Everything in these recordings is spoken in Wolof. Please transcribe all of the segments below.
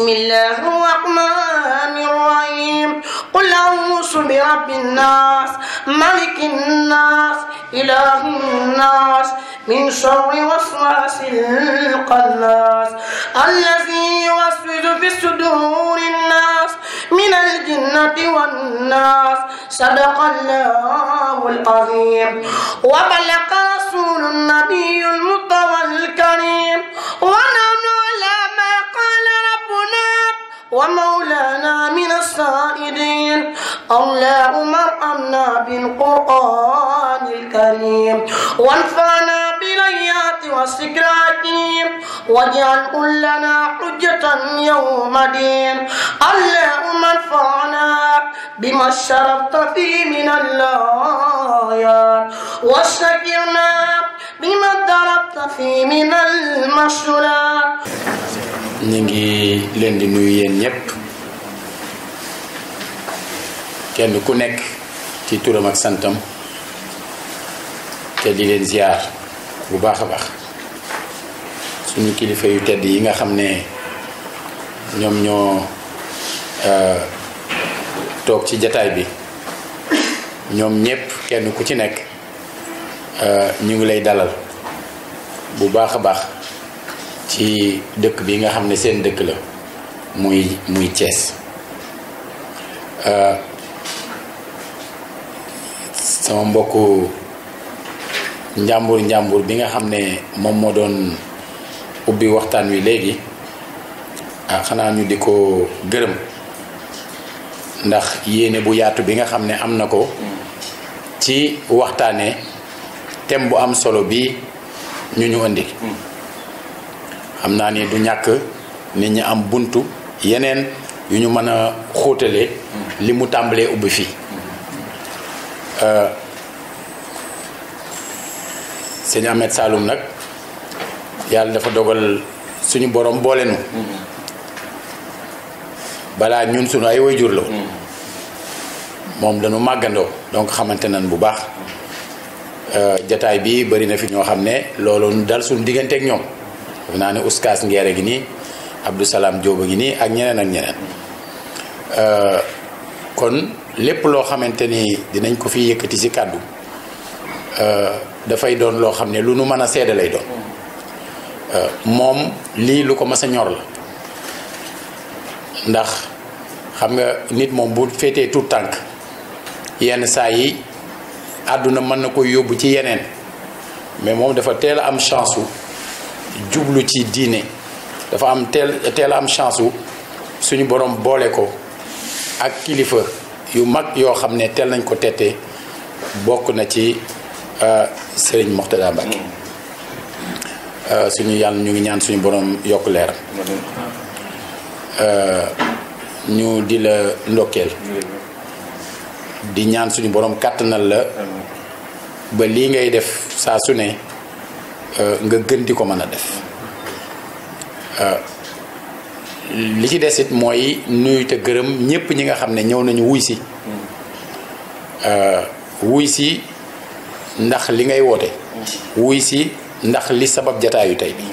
بسم الله الرحمن الرحيم قل أعوذ برب الناس ملك الناس إله الناس من شر وسواس القناس الذي يوسوس في صدور الناس من الجنة والناس صدق الله العظيم وبلغ رسول النبي المطوى الكريم ومولانا من السائدين اللهم أمنا بالقرآن الكريم وانفعنا بالآيات وذكر الحكيم واجعل كلنا حجة يوم دين اللهم انفعنا بما شرفت فيه من الآيات واشتكرنا بما ضربت فيه من المشرات ñu ngi leen di nuyu yéen ñépp kenn ku nekk ci turam ak santam te di leen ziar bu baax a baax suñu kilifa yu tedd yi nga xam ne ñoom ñoo euh, toog ci jataay bi ñoom ñépp kenn ku ci nekk euh, ñu ngi lay dalal bu baax a baax ci dëkk bi nga xam ne seen dëkk la muy muy cees euh, sama mbokku njàmbur njàmbur bi nga xam ne moom moo doon ubbi waxtaan wi léegi ah xanaa ñu di ko gërëm ndax yéene bu yaatu bi nga xam ne am na ko ci waxtaane thème bu am solo bi ñu ñu indi mm. am naa ni du ñàkk nit ñi am buntu yeneen yu ñu mën a xóotalee li mu tàmbalee ubbi fii euh, sëñ Ahmed Saloum nag yàlla dafa dogal suñu borom boole balaa ñun suñu ay waajur la moom dañu màggandoo donc xamante nañ bu baax euh, jataay bii bari na fi ñoo xam ne loolu dal suñu digganteeg ñoom def uskas ne Ouskas Ngeere gi Abdou Salam Diop gi nii ak ñeneen ak ñeneen kon lépp loo xamante ni dinañ ko fi yëkkati si kàddu eh, dafay doon loo xam ne lu nu mën a seede lay doon eh, moom lii lu ko mas a ñor la ndax xam nga nit moom bu féetee tout tànk yenn saa yi àdduna mën na ko yóbbu ci yeneen mais moom dafa teel a am chance jublu ci diine dafa am teel teel am chance wu suñu borom boole ko ak kilifa yu mag yoo xam ne teel nañ ko tette bokk na ci euh, Serigne Moxtada Mbacke euh, suñu yàlla ñu ngi ñaan suñu boroom yokk leeram euh, ñu di la ndokkeel di ñaan suñu borom kàttanal la ba lii ngay def saa su ne Euh, nga gën di ko mën a def euh, li ci des it mooy nuyute gërëm ñëpp ñi nga xam ne ñëw nañu wuy si euh, wuy si ndax li ngay woote wuy si ndax li sabab jataayu tey bi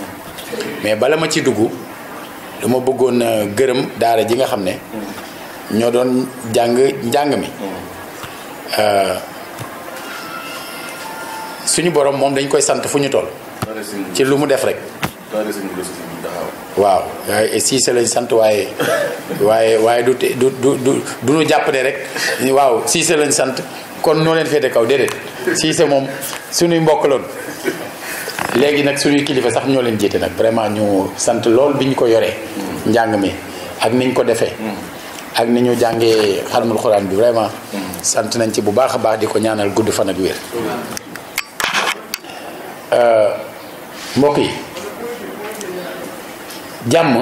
mais bala ma ci dugg dama bëggoon a gërëm daara ji nga xam ne ñoo doon jàng njàng mi suñu borom moom dañ koy sant fu ñu toll ci lu mu def rek. waaw Cissé lañ sant waaye waaye waaye du du du du du ñu jàpp ne rek waaw Cissé lañ sant kon noo leen féete kaw déedéet Cissé moom suñuy mbokk lool léegi nag suñuy kilifa sax ñoo leen jiite nag vraiment ñu sant lool bi ñu ko yore njàng mi ak ni ñu ko defee. ak ni ñu jàngee xarmul xuraan bi vraiment. sant nañ ci bu baax a baax di ko ñaanal gudd fan ak wér. Euh, mbokk yi jàmm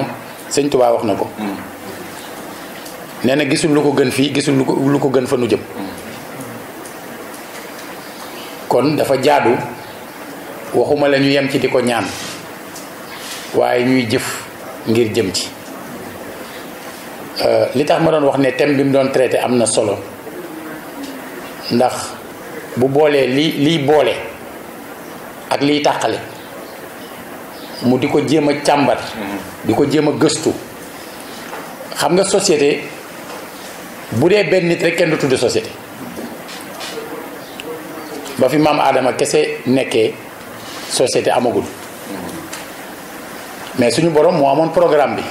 sëñ Tuubaa wax na ko mm. nee na gisul lu ko gën fii gisul lu ko lu ko gën fanu jëm mm. kon dafa jaadu waxuma la ñu yem ci di ko ñaan waaye ñuy jëf ngir jëm ci euh, li tax ma doon wax ne tem bi mu doon traité am na solo ndax bu boolee li liy boole ak liy tàqale mu diko jema chambar diko jema gestu xam nga société boudé ben nit rek kenn tuddu société ba fi mam adama kessé nekkee société amagul mais suñu borom mo amone programme bi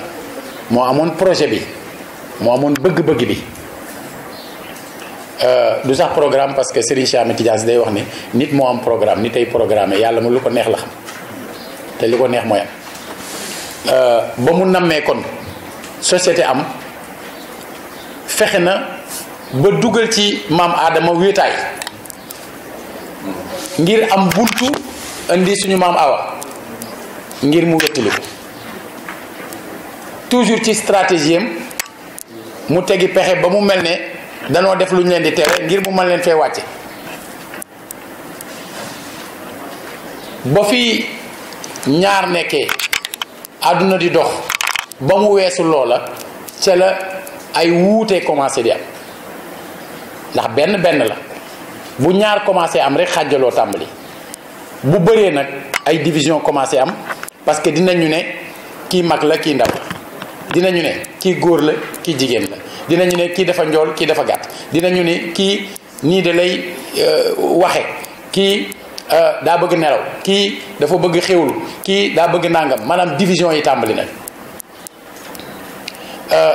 mo amone projet bi mo amone bëgg-bëgg bi euh, du sax programme parce que Serigne Cheikh day wax ne nit mo am programme nit ay programme yàlla mu lu ko neex la xam te li ko neex mooy am euh, ba mu nammee kon société am fexe na ba dugal ci maam aadama wéetaay ngir am buntu indi suñu maam awa ngir mu wéttali toujours ci stratégiem mu tegi pexe ba mu mel ne danoo def luñ leen di tere ngir bu mën leen fee wàcce ba fi ñaar nekkee àdduna di dox ba mu weesu loola ca la ay wuute commencé di am ndax benn benn la bu ñaar commencé am rek xàjjaloo tàmbali bu bëree nag ay division commencé am parce que ñu ne kii mag la kii ndaw la dinañu ne kii góor la kii jigéen la dinañu ne kii dafa njool ki dafa gàtt dinañu ne kii nii de lay euh, waxe kii Euh, daa bëgg nelaw kii dafa bëgg xéwlu kii daa bëgg nàngam maanaam division yi tàmbali na euh,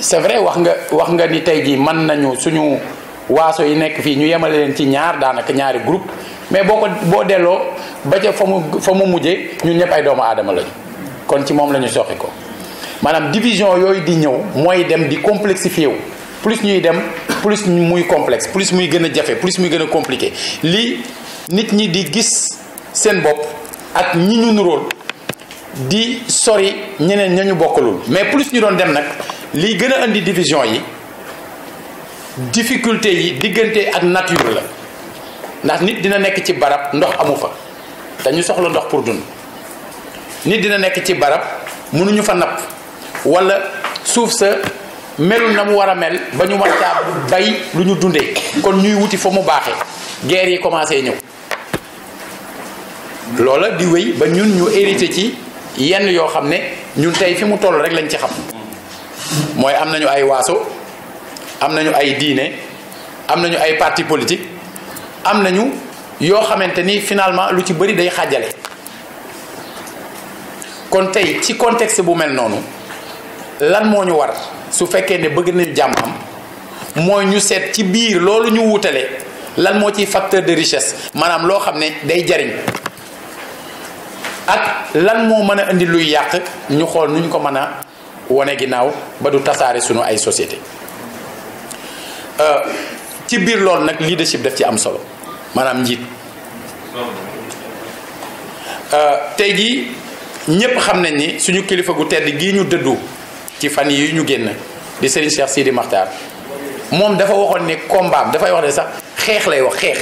c'est vrai wax nga wax nga ni tey jii man nañu suñu waaso yi nekk fii ñu yemale leen ci ñaar daanaka ñaari groupe mais boo ko boo delloo ba ca fa mu fa mu mujje ñu ñëpp ay doomu aadama lañu kon ci moom la ñu soxi ko maanaam division yooyu di ñëw mooy dem di complexifié wu plus ñuy dem plus muy complexe plus muy gën a jafe plus muy gën a compliqué lii nit ñi di gis seen bopp ak ñi ñu nuróol di sori ñeneen ña ñu bokkalul mais plus ñu doon dem nag liy gën a indi division yi difficulté yi diggante ak nature la ndax nit dina nekk ci barab ndox amu fa dañu soxla ndox pour dund nit dina nekk ci barab mënuñu fa napp wala suuf sa melul na mu war a mel ba ñu mën caa bay lu ñu dundee kon ñuy wuti fa mu baaxee guerre yi commencé ñëw loola di wéy ba ñun ñu hérité ci yenn yoo xam ne ñun tey fi mu toll rek lañ ci xam mooy am nañu ay waaso am nañu ay diine am nañu ay parti politique am nañu yoo xamante ni finalement lu ci bëri day xaajale kon tey ci contexte bu mel noonu lan moo ñu war su fekkee ne bëgg nañ jàmm am mooy ñu seet ci biir loolu ñu wutale lan moo ciy facteur de richesse maanaam loo xam ne day jariñ ak lan moo mën a indi luy yàq ñu xool nuñ ko mën a wane ginnaaw ba du tasaare sunu ay société euh, ci biir lool nag leadership daf ci am solo maanaam njiit euh, tey jii ñépp xam nañ ni suñu kilifa gu tedd gii ñu dëddu ci fan yi ñu génn di Serigne Cheikh Sidi Makhtar moom dafa waxoon ne combat dafay wax ne sax xeex lay wax xeex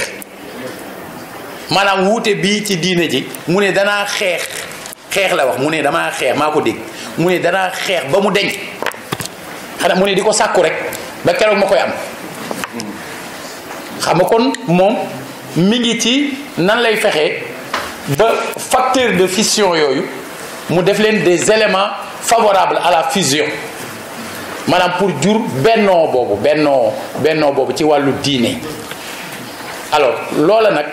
Madame Wouté Biti ci diine ji mu ne danaa xeex la wax mune ne damaa xeex maa ko dégg mu que ba mu deñ xanaa mune diko sakku rek ba am xam facteur de fission yoyu mu def des éléments favorables à la fusion Madame pour jur non, bobu non, benno bobu ci walu diiné alors Lola nak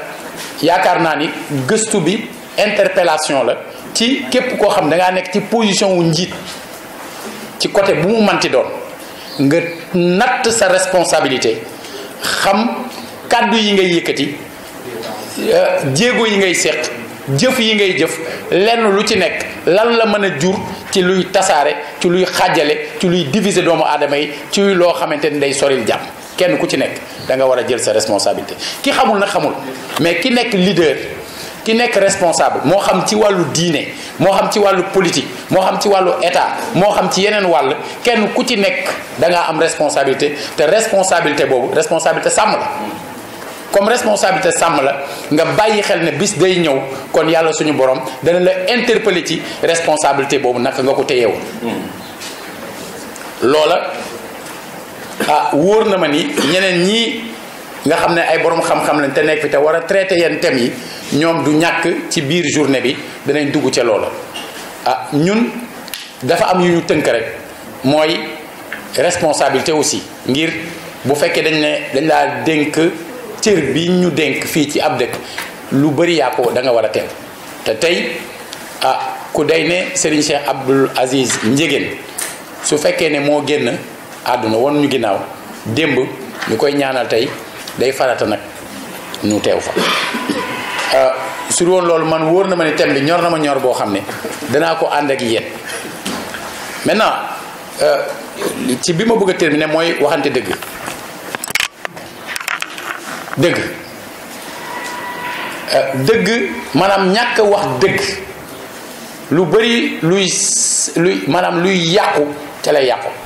yaakaar naa ni gëstu bi interpellation la ci képp koo xam da ngaa nekk ci position wu njiit ci côté bu mu manti doon nga natt sa responsabilité xam kàddu yi ngay yëkkati euh, jéego yi ngay seq jëf yi ngay jëf lenn lu ci nekk lan la mën a jur ci luy tasaare ci luy xaajale ci luy diviser doomu aadama yi ci loo xamante ni day soril jàmm kenn ku ci nekk da nga war a jël sa responsabilité ki xamul na xamul mais ki nekk leader ki nekk responsable moo xam ci wàllu diine moo xam ci wàllu politique moo xam ci wàllu état moo xam ci yeneen wàll kenn ku ci nekk da ngaa am responsabilité te responsabilité boobu responsabilité sàmm la comme responsabilité sàmm la nga bàyyi xel ne bis day ñëw kon yàlla suñu borom dana la interpeller ci responsabilité boobu naka nga ko téyewoon hmm. loola ah wóor na ma ni ñeneen ñi nga xam ne ay borom xam-xam lañ te nekk fi te war a traité yenn tem yi ñoom du ñàkk ci biir journée bi danañ dugg ca loolo ah ñun dafa am yu ñu tënk rek mooy responsabilité aussi ngir bu fekkee dañ ne dañ laa dénk cër bi ñu dénk fii ci ab dëkk lu bëri yaa ko da nga war a teew te tey ah ku day ne Serigne Cheikh Abdoul Aziz Ndiéguène su fekkee ne moo génn. àdduna won ñu ginnaaw démb ñu koy ñaanal tey day farata nag ñu teew fa euh, su woon loolu man wóor na ma ne thème bi ñor na ma ñor boo xam ne danaa ko ànd ak yéen maintenant euh, ci bi ma bëgg a terminer mooy waxante dëgg dëgg euh, dëgg maanaam ñàkk wax dëgg lu bari luy luy maanaam luy yàqu ca lay yàqu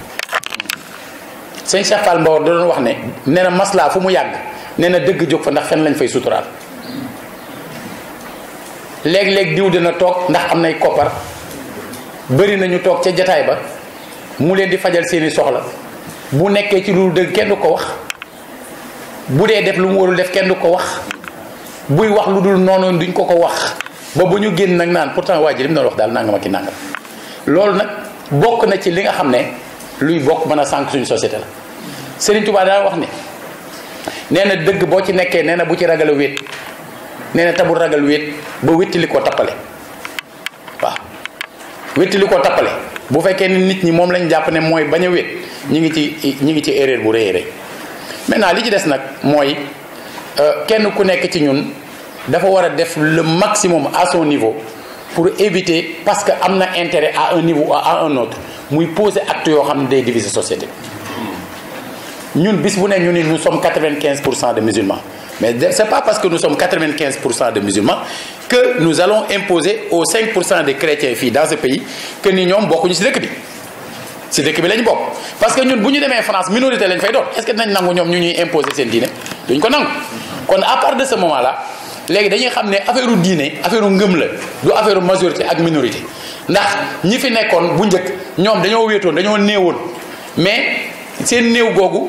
sëñ Cheikh Fall Mbawar da doon wax ne nee na maslaa fu mu yàgg nee na dëgg jóg fa ndax fen lañ fay suturaal léeg-léeg diw dina toog ndax am nay koppar bëri nañu toog ca jataay ba mu leen di fajal seeni soxla bu nekkee ci lu dëgg kenn du ko wax bu dee def lu mu warul def kenn du ko wax buy wax lu dul noonu duñ ko ko wax ba bu ñu génn nag naan pourtant waa ji lim doon wax daal nangam ak i nangam loolu nag bokk na ci li nga xam ne luy bokk mën a sànq suñu société Serigne Touba da wax ci bu ci ragal a néna tabu ragal ko tapalé bu ni nit ñi a ñi ngi ci ñi ngi ci erreur bu maintenant li ci des euh, kenn ku nekk ci ñun dafa le maximum à son niveau pour éviter parce que a intérêt à un niveau à un autre muy poser acte acteurs xamné day société nous sommes 95 de musulmans mais ce n'est pas parce que nous sommes 95 de musulmans que nous allons imposer aux 5 des chrétiens ici dans ce pays que nous sommes beaucoup ci dëkk bi parce que ñun nous sommes en France minorité lañ fay est-ce que nous nangu imposés ñu ñuy imposer seen diine duñ ko à part de ce moment là léegi dañuy xam ne affaire u diine affaire u ngëm la du affaire la majorité ak minorité ndax ñi fi nous bu njëkk ñoom ont wéetoon dañoo néewoon mais c'est néew gogou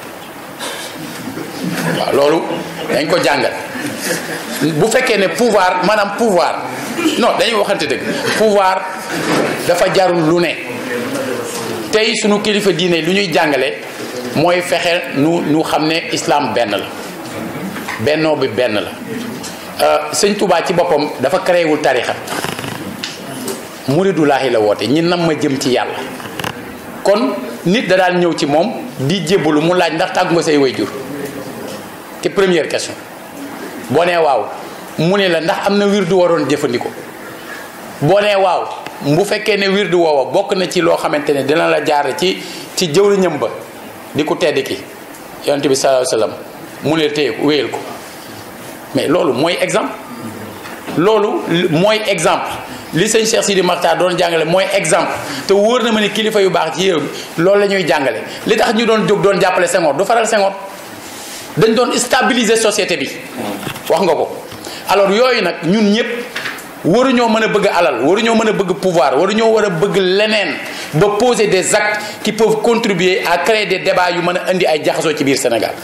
loolu dañ ko jàngal bu fekkee ne pouvoir maanaam pouvoir non dañuy waxante dëgg pouvoir dafa jarul lu ne tey sunu kilifa diine lu ñuy jàngale mooy fexe nu nu xam ne islaam benn la bennoo bi benn la euh, sëñ Touba ci boppam dafa créewul tarixa muridulaahi la woote ñi nam ma jëm ci yàlla kon nit da daan ñëw ci moom di lu mu laaj ndax tàggu nga say wayjur te première question boo waaw mu ne la ndax am na wirdu waroon jëfandikoo boo waaw bu fekkee ne du woowa bokk na ci loo xamante ne dina la jaar ci ci jëwriñam ba di ko tedd ki yonent bi sallallahu alayhi wasallam mu ne téye ko ko mais loolu mooy exemple loolu mooy exemple li sëñ Cheikh di Makhtar doon jàngale mooy exemple te wóor na ma ni kilifa yu baax ci réew mi loolu la ñuy jàngale li tax ñu doon jóg doon jàppale Senghor du faral Senghor dañ doon stabiliser société bi wax nga ko alors yooyu nag ñun ñëpp waruñoo mën a bëgg alal waruñoo mën a bëgg pouvoir waruñoo war a bëgg leneen ba poser des actes qui peuvent contribuer à créer des débats yu mën a indi ay jaxasoo ci biir Sénégal